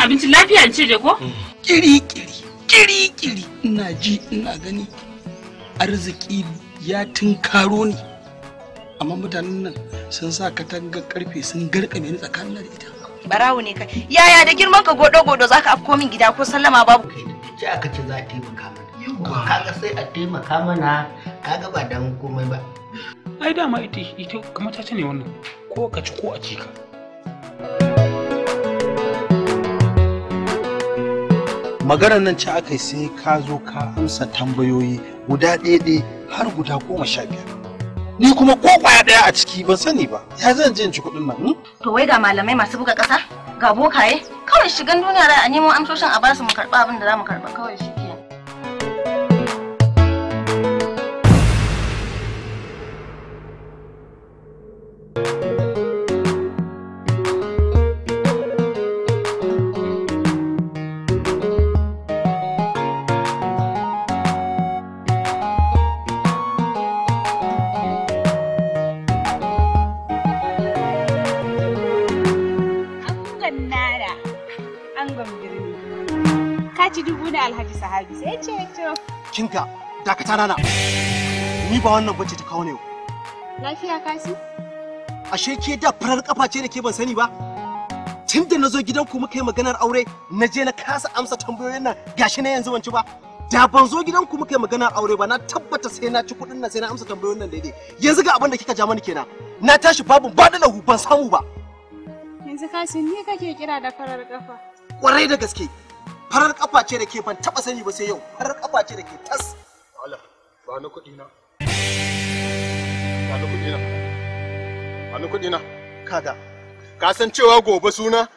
wannan abincin lafiya in ce ko? Mm. Kiri kiri kiri kiri ina ji ina gani arziki ya tunkaro ne. amma mutanen nan sun sa katangar karfe sun garkame ni tsakanin da ita. Barawo ne kai yaya da girman ka godo godo ka afko min gida ko sallama babu ce aka ce za a taimaka mana kaga sai a taimaka mana kaga ba dan komai ba ai dama ita ita kamar ta ce ne wannan ko ka ci ko a ci ka. maganar nan ce aka sai ka zo ka amsa tambayoyi guda ɗaya har guda goma sha biyar ni kuma ko kwaya ɗaya a ciki ban sani ba ya zan je in ci kuɗin nan hmm? to wai ga malamai masu buga ƙasa ga bokaye kawai shigan duniya rai a nemo amsoshin a basu mu karɓa abin da za mu karɓa kawai shi thank you bakinka dakata rana ni ba wannan bace ta kawo ne lafiya kasu ashe ke da farar kafa ce nake ke ban sani ba tun da na zo gidanku muka yi maganar aure na je na kasa amsa tambayoyin nan gashi na yanzu wanci ba da ban zo gidanku muka yi maganar aure ba na tabbata sai na ci kuɗin nan sai na amsa tambayoyin nan daidai yanzu ga abin da kika ja mani kenan na tashi babu ba da lahu ban samu ba yanzu kasu ni kake kira da farar kafa kwarai da gaske farar kafa ce da ke ban taba sani ba sai yau farar kafa ce da ke tas wala ba na kuɗi na ba na kuɗi na ba na kuɗi na kaga ka san cewa gobe suna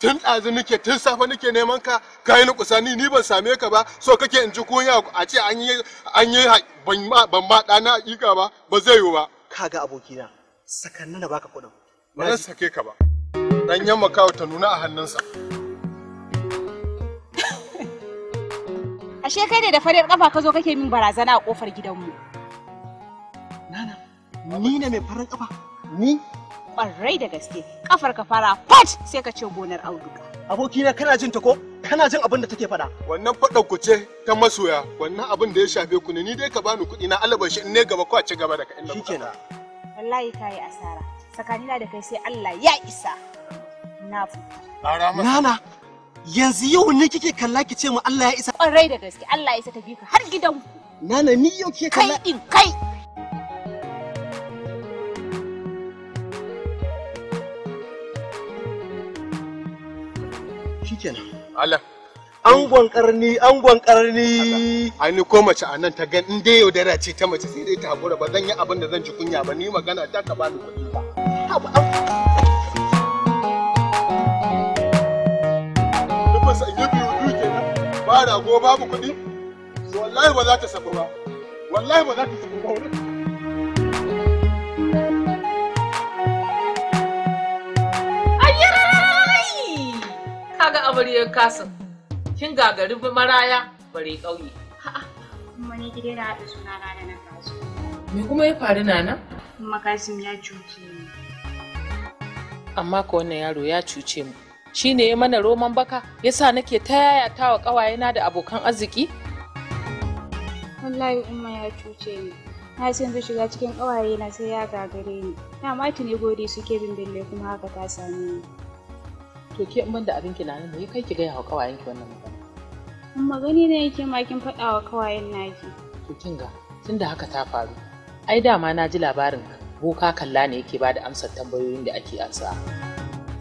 tun ɗazu nake tun safe nake neman ka ka yi nukusani ni ban same ka ba so kake in ji kunya a ce an yi an yi ban ma ban ma ɗana hakika ba ba zai yiwu ba kaga abokina sakanna na baka kuɗin ba zan sake ka ba dan yamma kawo ta nuna a hannunsa ashe kai ne da farin kafa ka zo kake min barazana a kofar gidanmu nana ni ne mai farin kafa ni ƙwarai da gaske kafar ka fara fat sai ka ce gonar auduga abokina kana jin ta ko kana jin abin da take faɗa wannan faɗan ku ce ta masoya wannan abin da ya shafe ku ne ni dai ka bani kuɗi na shi in ne gaba ko a ci gaba da ka inda shikenan wallahi kai asara tsakanina da kai sai Allah ya isa na fita nana yanzu yau ne kike kalla ki ce mu Allah ya isa kwarai da gaske Allah ya isa ta bi ka har gidan nana ni yau kike kalla kai kai shikenan Allah angon karni angon karni ai ni ko mace a nan ta gan in dai yaudara ce ta mace sai dai ta hakura ba zan yi abin da zan ci kunya ba ni magana ta ka bani kuɗi ba ba rago babu kuɗi wallahi ba za ta sabu ba wallahi ba za ta sabu ba wallahi kaga amaryar kasin kin gagari maraya bare ƙauye. Kuma ni gidai na haɗa suna na da na kasu. Me kuma ya faru nana? Kuma kasim ya cuce ni. Amma ka wannan yaro ya cuce mu. shi ne ya mana roman baka Ya sa nake ta yaya ta wa ƙawayena da abokan arziki? Wallahi umma ya cuce ni. Na san zai shiga cikin ƙawayena sai ya gagare ni. Na ma ne gode suke bin bille kuma haka ta same ni. To ke in da abin ki na nan ne kai ki gaya wa ƙawayen ki wannan magana? In magani ne yake ma kin faɗa wa ƙawayen naki. To kin ga da haka ta faru. Ai dama na ji labarin boka kalla ne yake ba da amsar tambayoyin da ake ansa.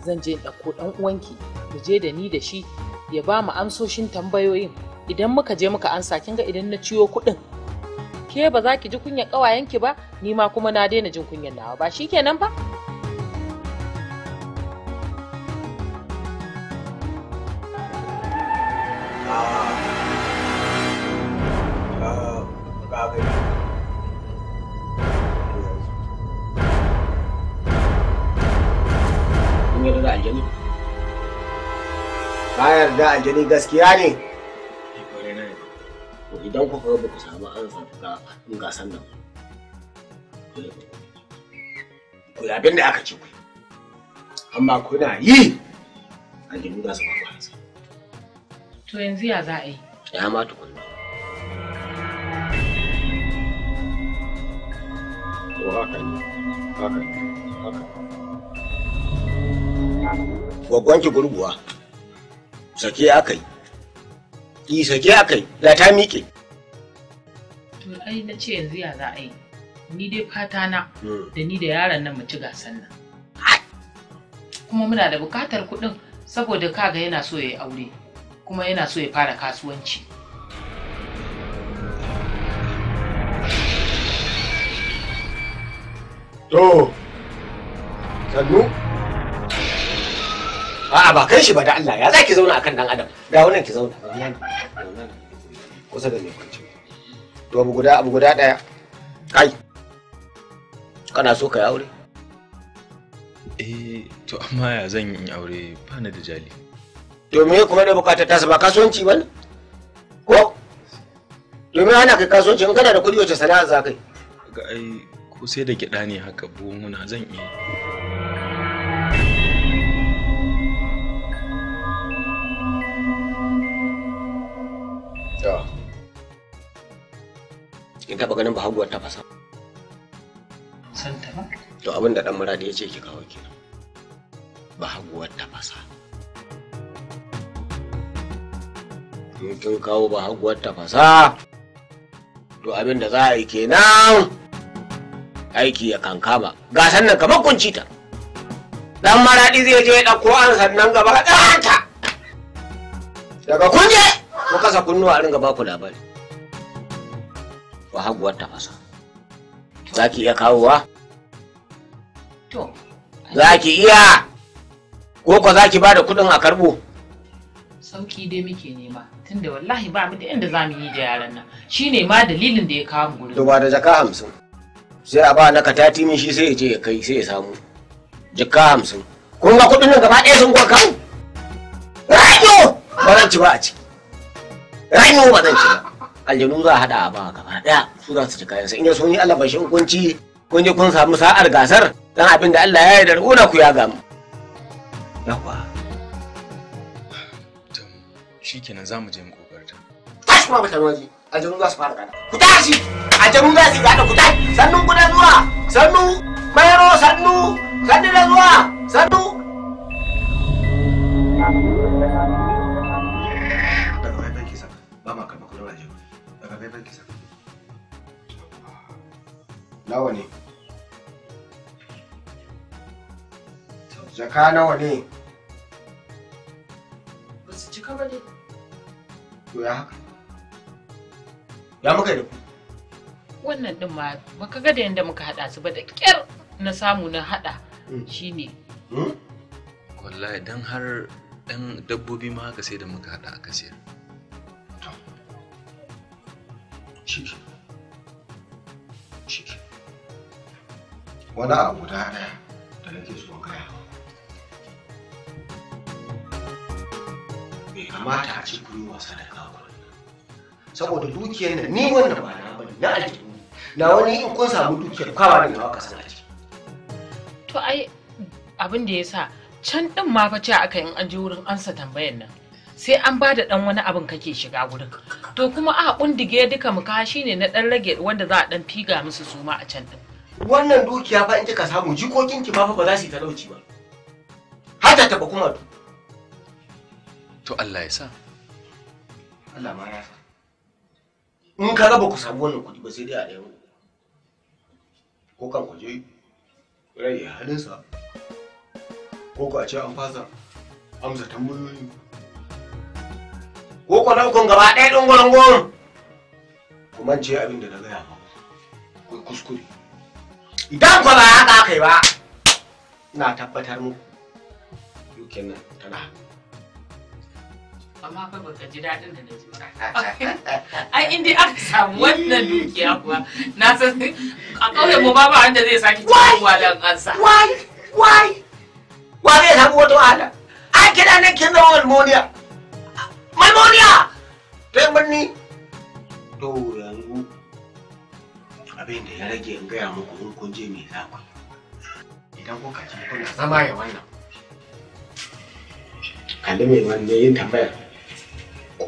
zan je ɗauko ɗan uwanki mu je da ni da shi ya ba mu amsoshin tambayoyin idan muka je muka ansa kin ga idan na ciwo kuɗin ke ba za ki ji kunyar ƙawayenki ba ni ma kuma na daina jin kunyar nawa ba shi kenan ba ah. da aljani gaskiya ne idan kuka ga ku samu in ga gasan nan ku abin da aka ce ku amma kuna yi jini za su ba ku ansa to yanzu ya za a yi ya ma tukunna to haka ne haka ne haka ne gurguwa sake aka yi yi sake aka yi da ta miƙe to ai na ce yanzu ya za a yi ni dai fata na hmm. da ni da yaron nan mu ci gasan nan kuma muna da bukatar kuɗin saboda kaga yana so ya yi aure kuma yana so ya fara kasuwanci to sannu A'a ba kan shi ba da Allah ya za ki zauna akan dan adam. Ga wannan ki zauna. Kusa da mai kwanci. To abu guda abu guda daya. Kai. Kana so ka yi aure? Eh to amma ya zan yi aure ba ni da jali. To me kuma da bukatar tasa ba kasuwanci ba ne? Ko? Domin ana kai kasuwanci in kana da kuɗi wace sana'a za kai? Ga ai ko sai da gida ne haka buhun zan iya. kin taba ganin bahaguwar ta fasa san ta ba to abin da dan muradi ya ce ki kawo kenan bahaguwar ta fasa in kin kawo bahaguwar ta fasa to abin da za a yi kenan aiki ya kankama ga nan kamar makunci ta dan maraɗi zai je ya ɗauko an sannan gaba ɗanta daga kunje ku kasa kunnuwa a ringa baku labari wa haguwar tafasa za ki iya kawowa to za ki iya ko ko za ki ba da kuɗin a karɓo sauki dai muke nema tunda wallahi ba mu da inda za mu yi da yaran nan shine ma dalilin da ya kawo mu gurin to ba da jaka hamsin sai a ba na tati min shi sai ya je ya kai sai ya samu jaka hamsin kun ga kuɗin nan gaba ɗaya sun kwa kawo rayo ba zan ci ba a ciki rayo ba zan ci ba aljanu za a haɗa a ba gaba ɗaya su za su ci kayansa in ya so ni Allah bashi hukunci kun je kun samu sa'ar gasar dan abin da Allah ya yi da rona ku ya gamu yawa to shikenan zamu je mu kokarta tashi ma mutane waje aljanu za su fara gada ku tashi aljanu za su gada ku tashi jaka nawa ne ba su cika ba ne to ya haka ya muka da wannan din ma baka ga da yadda muka hada su ba da kyar na samu na hada hmm. shine hmm? wallahi dan har dan dabbobi ma haka sai da muka hada aka sayar shi wani abu da da nake so gaya bai kamata a ce ku yi wasa da kawo saboda dukiyar da ni wannan ba na bane na aljihu na wani in kun samu dukiyar kwawa ne ba ka san aji to ai abin da ya sa can din ma fa ce aka yin aji wurin ansa tambayar nan sai an ba da dan wani abin kake shiga wurin to kuma a kundige duka muka shine na dan rage wanda za a dan figa musu ma a can din wannan dukiya fa in kika samu jikokin ki ma fa ba za su yi talauci ba Har ta ba kuma duk to Allah ya sa Allah ma ya sa in ka raba ku samu wannan kuɗi ba sai dai a ɗaya ko kan ku je rai ya halinsa ko ku a ce an fasa amsa tambayoyi ko ku nan gaba ɗaya ɗin gwaron gwaron ku mance abin da na gaya ba ku kuskure idan ku ba haka kai ba ina tabbatar muku yukin nan tana hannu amma fa baka ji daɗin da na ji ba ai in dai aka samu wannan dukiya kuwa na san a ƙauye mu ba ba wanda zai saki cikin walan ansa wai wai wa zai samu wata wahala ai kina nan kin zama malmoniya malmoniya ta birni to yanzu abin da ya rage in gaya muku in kun je mai zaku idan kuka ce kuna zama ya wannan kalli mai wannan yin tambaya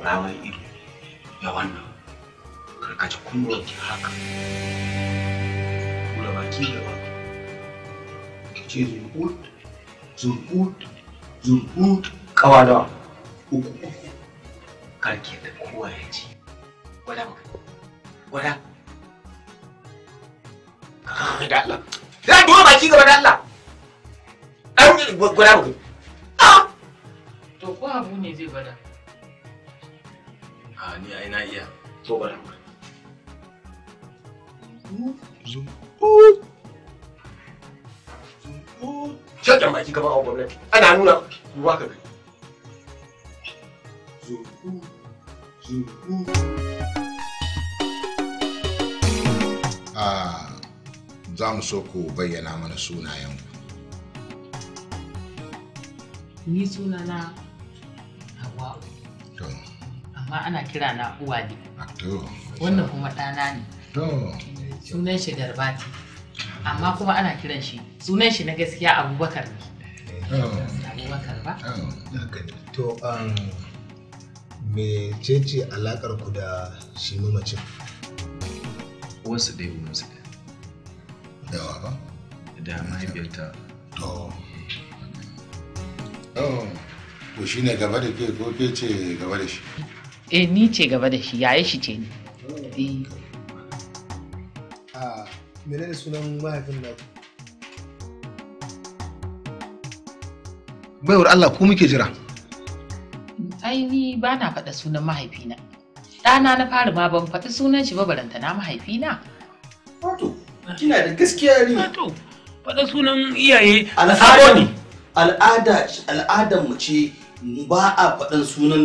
rawar ido da wannan karkace kunnuwan ki haka kula baki da ba ki ce zurkut zurkut zurkut kawa da uku karki da kowa ya ji gwada maka gwada ka da Allah da duwa baki gaba da Allah an gwada to ko abu ne zai gwada a ni ai na iya to bari zum Shaɗan baki kamar awon gwamnati ana ah, za mu so ku bayyana mana sunayen ku. Ni sunana Hawa'u. amma ana kira na uwa ne. wannan kuma ɗana ne sunan shi garbati amma kuma ana kiran shi sunan shi na gaskiya abubakar ne abubakar ba to um, me ce alakar ku da shi mamacin wasu da yi wasu da yawa ba da mahaifiyarta to to shi ne gaba da ke ko ke ce gaba da shi e ni ce gaba da shi yaya shi ce ni eh. a ah, mene da sunan mahaifin nan baiwar Allah ku muke jira ai ni ba na faɗa sunan mahaifina ɗana na fari ma ban faɗi sunan shi ba baranta na mahaifina wato kina da gaskiya ne wato faɗa sunan iyaye al'ada ne al'ada al'adar mu ce ba a faɗan sunan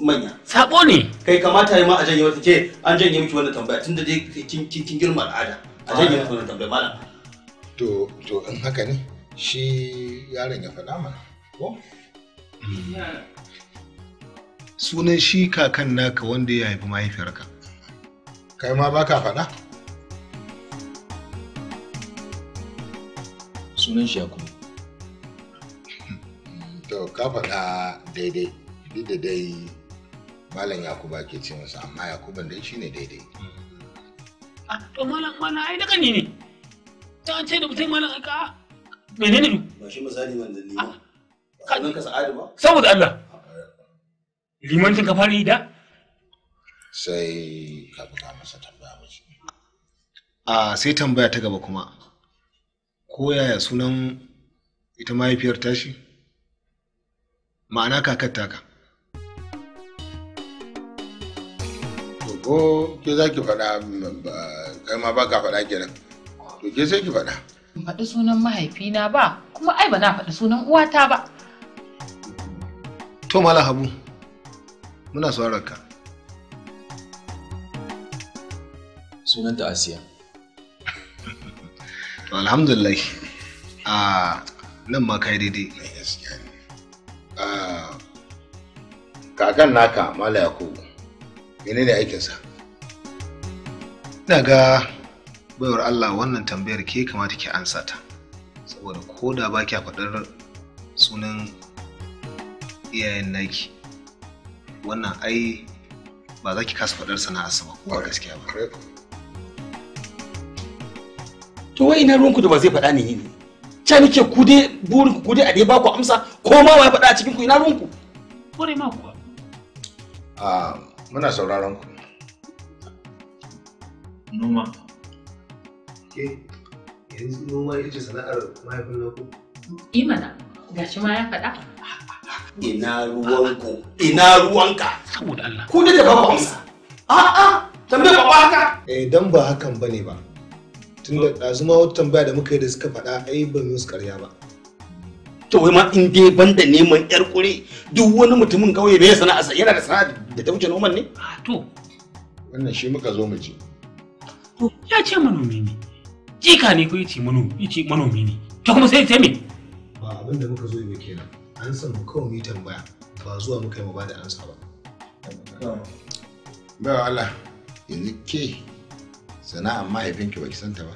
manya sabo ne kai kamata ne ma a janye mata ce, an janye miki wannan tambaya tunda dai kin kin girma al'ada a janye miki wannan tambaya malam to to in haka ne shi yaron ya faɗa mana ko sunan shi kakan naka wanda ya haifi mahaifiyarka kai ma baka faɗa sunan shi yakubu to ka faɗa daidai duk da dai malam yakuba ke ce masa amma yakuban dai shine daidai a ah, to malam mana ai daga ne ta ce da mutum malam aka ka ne ba shi misali wanda ne ba ah, nan ka sa'adu ba saboda Allah ah, limancin ka fara yi da sai ka buga masa tambaya mace a sai tambaya ta gaba kuma ko yaya sunan ita mahaifiyar tashi ma'ana kakar taka ko ke za ki faɗa kai ma ba ka faɗa kenan to ke sai ki faɗa ban faɗi sunan mahaifina ba kuma ai ba na faɗi sunan uwata ba to mala habu muna sauran ka sunanta asiya to alhamdulillah a nan ma kai daidai kakan naka mala yakubu menene aikinsa ina ga baiwar allah wannan tambayar ke kamata ki ansa ta saboda ko da ba kya faɗar sunan iyayen naki wannan ai ba za ki kasa faɗar sana'ar ba ko ba gaskiya ba to wai ina ruwanku da ba zai faɗa ni ne ca nake ku dai burin ku dai a dai ba ku amsa ko ma wai faɗa a cikin ku ina ruwanku kore ma kuwa ah, muna sauraron ku noma ke yanzu noma ita ce sana'ar mahaifin naku imana shi ma ya faɗa ina ruwanku ina ruwanka saboda Allah ku da ba Musa. a'a tambaye ba haka eh dan ba hakan bane ba tunda oh. ɗazu ma wata tambaya da muka yi da suka faɗa ai ba mu karya ƙarya ba to ma in dai banda neman yar kure duk wani mutumin kauye bai sana'a yana da sana'a da ta wuce noman ne ah, to wannan shi muka zo mu ji ya ce manomi ne jika ne ko yace manomi yace manomi ne to kuma sai ya ce me ba abin da muka zo yi kenan an san mu kawai mu tambaya ba zuwa muka yi mu bada ansa ba ba Allah yanzu ke sana'ar mahaifinki ba ki santa ba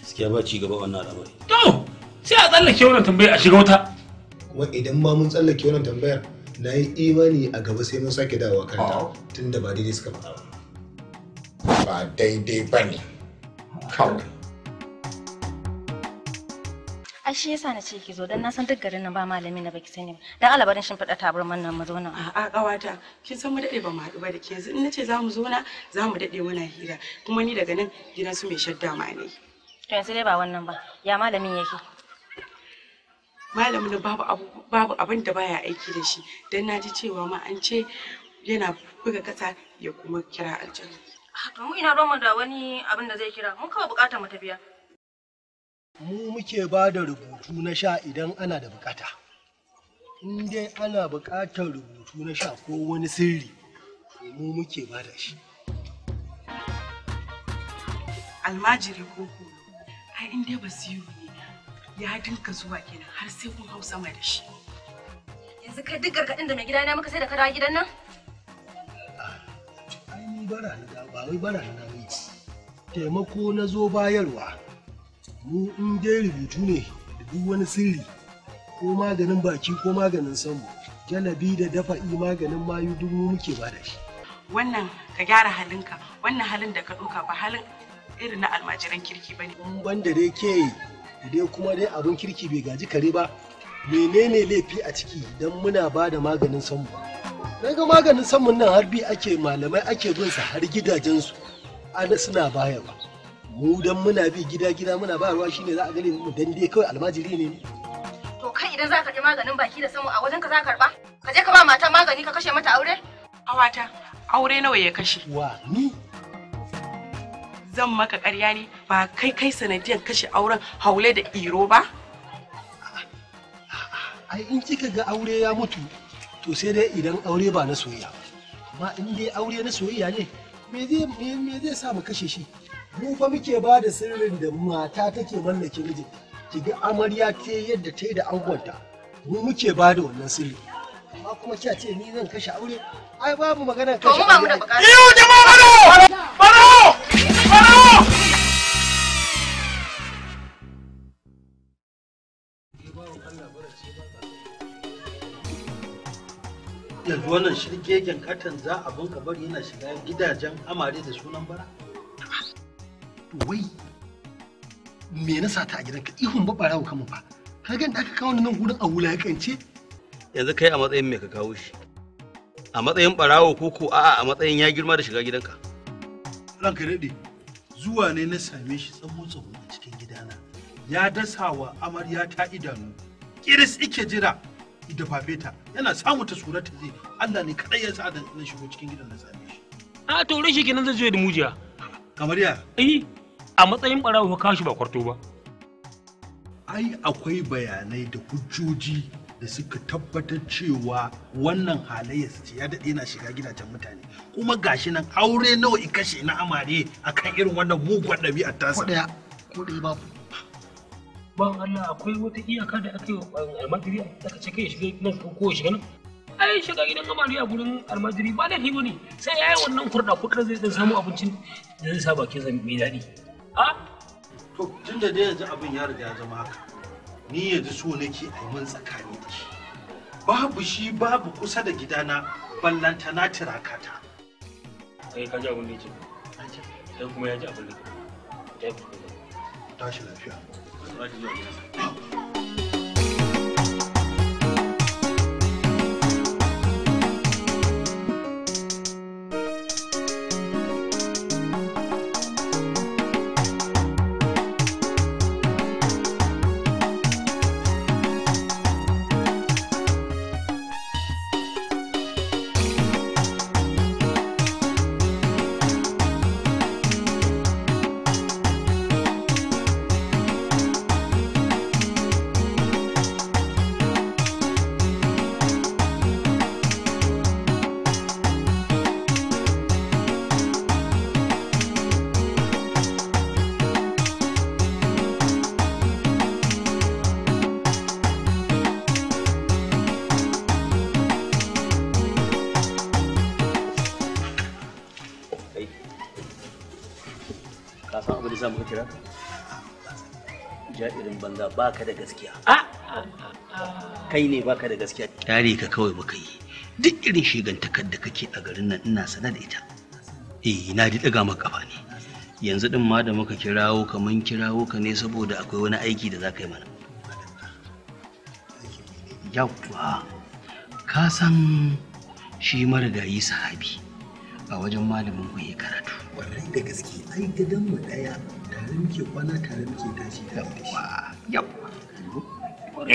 gaskiya ba ci gaba wannan al'amari to sai a tsallake wannan tambayar a shiga wuta. kuma idan ma mun tsallake wannan tambayar na yi imani a gaba sai mun sake dawowa kanta tun da ba daidai suka faɗa ba ba daidai ba ne kawai ashe yasa na ce ki zo dan na san duk garin nan ba malami na baki sani ba, dan alabarin shin fada man nan mu zo nan a kawata kin san mu dade ba mu haɗu ba da ke yanzu in nace zamu zo na zamu dade muna hira kuma ni daga nan gidan su mai shadda ma ne to yanzu dai ba wannan ba ya malamin yake malamin babu babu abin da baya aiki da shi dan naji cewa ma an ce yana buga kasa ya kuma kira aljanna to mu ina roma da wani abin da zai kira mun kawai bukatar mu tafiya mu muke ba da rubutu na sha idan ana da bukata in dai ana bukatar rubutu na sha ko wani sirri mu muke ba da shi almajiri ko ai in dai basiru ya dinka zuwa kenan har sai kun hau sama da shi yanzu kai duk gargaɗin da mai gida na muka sai da ka dawo gidan nan ah, ai ni bara na ba wai bara na ba taimako na zo bayarwa mu in dai rubutu ne da duk wani sirri ko maganin baki ko maganin samu jalabi da dafa i maganin mayu duk mu muke ba da shi wannan ka gyara halinka wannan halin da ka ɗauka ba halin irin na almajiran kirki ba ne. Ban da dai ke dai kuma dai abin kirki bai gaji kare ba menene laifi a ciki don muna ba da maganin sanmu na ga maganin sanmu nan har bi ake malamai ake bin sa har gidajensu ana suna baya ba mu dan muna bi gida gida muna bayarwa shine za a gani mu dan dai kawai almajiri ne to kai idan za ka ji maganin baki da sanmu a wajen ka za ka karba ka je ka ba mata magani ka kashe mata aure awata aure nawa ya kashe wa ni zan maka ƙarya ne ba kai kai sanadiyar kashe auren haule da iro ba? Ai in kika ga aure ya mutu to sai dai idan aure ba na soyayya amma in dai aure na soyayya ne me zai sa mu kashe shi mu fa muke ba da sirrin da mata take mallake mijinta ki ga amarya ta yadda ta yi da angonta mu muke ba da wannan sirri amma kuma kya ce ni zan kashe aure ai babu magana kashe aure. Iyo jama'a yanzu wannan shirgegen katon za a bunka bari yana shiga gidajen amare da sunan bara wai me na sata a gidanka ihun ba barawo kama ba ka ga da aka kawo nan gurin a wulakance yanzu kai a matsayin me ka kawo shi a matsayin barawo ko ko a'a a matsayin ya girma da shiga gidanka ranka daɗe zuwa ne na same shi tsawo tsawo a cikin gidana ya dasa wa amarya ta idanu kiris ike jira da ta yana samu ta surata zai Allah ne kaɗai ya sa da na shigo cikin gidan na same shi a to rashi zai da mujiya kamar ya eh a matsayin barawo ka kashi ba kwarto ba ai akwai bayanai da hujjoji da suka tabbatar cewa wannan halayyar ya daɗe yana shiga gidajen mutane kuma gashi nan aure nawa kashe na amare akan irin wannan mugun ɗabi'ar tasa babu ban Allah akwai wata iyaka da aka yi almajiri a ce kai shiga nan ko ya shiga nan ai shiga gidan amari a gurin almajiri ba laifi ba ne sai ya yi wannan kurda kurɗa zai dan samu abincin da zai sa ke zan mai dadi a to tunda da dai yanzu abin ya riga ya zama haka ni yanzu so nake a mun tsakani da shi babu shi babu kusa da gidana ballanta na tirakata kai ka ji abin da yake kai kuma ya ji abin da yake tashi lafiya ライフジ皆さん。ja'irin banza baka da gaskiya ah! kai ne baka da gaskiya kyare ka kawai baka yi duk irin shigantakar da kake a garin nan ina sana da ita eh na ji daga maka kafa ne yanzu din ma da muka kirawo ka mun kirawo ka ne saboda akwai wani aiki da za ka yi mana yawwa ka san shi marigayi sahabi a wajen malamin ku ya karatu wannan da gaske ai daya tare muke kwana tare muke tashi tare da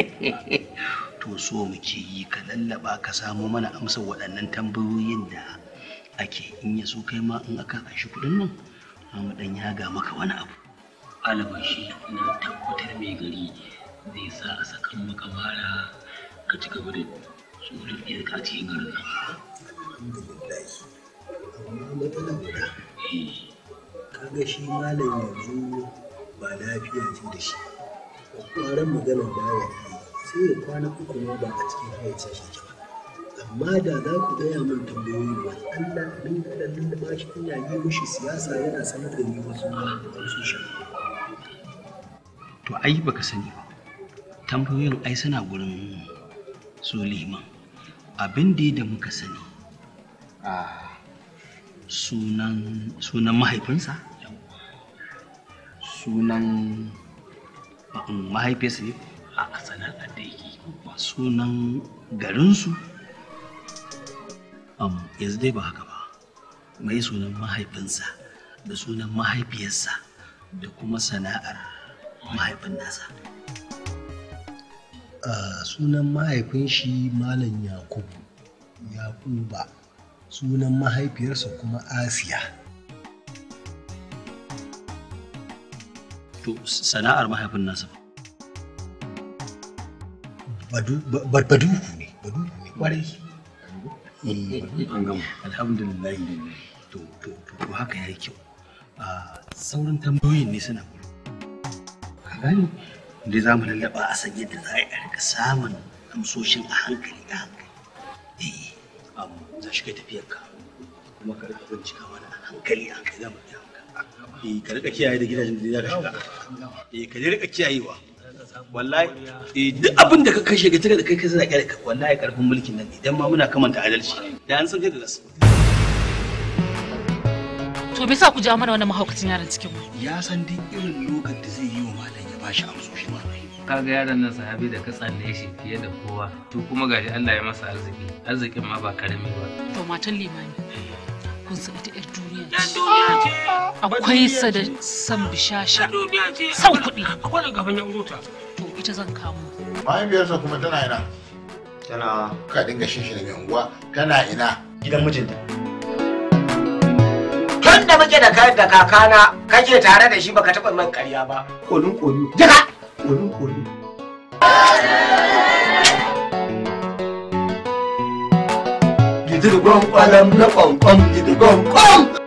shi to so muke yi ka lallaba ka samo mana amsa waɗannan tambayoyin da ake in ya so kai ma in aka kashi kuɗin nan mu dan yaga maka wani abu shi na tabbatar mai gari zai sa a sakan maka bara ka ci gaba da tsorin iya ka ci garin nan alhamdulillah amma ga shi malam yanzu ba lafiya ce da shi kwaran magana da ya sai ya kwana uku ne ba a cikin hayyacin shi ba amma da za ku gaya min tambayoyi ba Allah abin da da ba shi kunya yi mushi siyasa yana sanar da ni wasu wasu shi to ai baka sani ba tambayoyin ai suna gurin su liman abin da da muka sani a ah, sunan mahaifinsa sunan ah, mm, mahaifiyarsa ne a sana'ar da yake ba sunan garinsu yanzu dai ba haka ba mai sunan mahaifinsa da sunan mahaifiyarsa da kuma sana'ar mahaifin nasa ah, sunan mahaifin shi malam yakubu yakuba sunan mahaifiyarsa kuma asiya sana'ar mahaifin nasa ba baduku ne baduku ne kwarai eh, alhamdulillah to to to haka yayi kyau ah, saurin tambayoyin ne suna gudu ka gani da za mu lallaba a san yadda za a yi a rika samun amsoshin a hankali a hankali eh za shi ka tafiyar ka kuma ka rika bincika mana a hankali a hankali za mu eh ka rika kiyaye da gidajen da zaka shiga eh ka rika kiyayewa wallahi eh duk abin da ka kashe ga da kai kai sai ka wallahi karfin mulkin nan idan ma muna kamanta adalci da an san kai da zasu to me sa ku ja mana wannan mahaukacin yaron cikin mu ya san duk irin lokacin da zai yi wa malam ya bashi amsoshi ma kaga yaron nan sahabi da ka tsalle shi fiye da kowa to kuma gashi Allah ya masa arziki arzikin ma ba karami ba to matan limani kun san ita akwai sa da san bishasha san kuɗi to ita zan kamo mahaifiyarsa kuma tana ina tana ka dinga shishi da mai unguwa tana ina gidan mijinta tun da muke da kayan da kakana kake tare da shi baka taɓa man ƙarya ba kolin koli jika kolin koli gidirgon kwalam na kwamkwam gidirgon kwam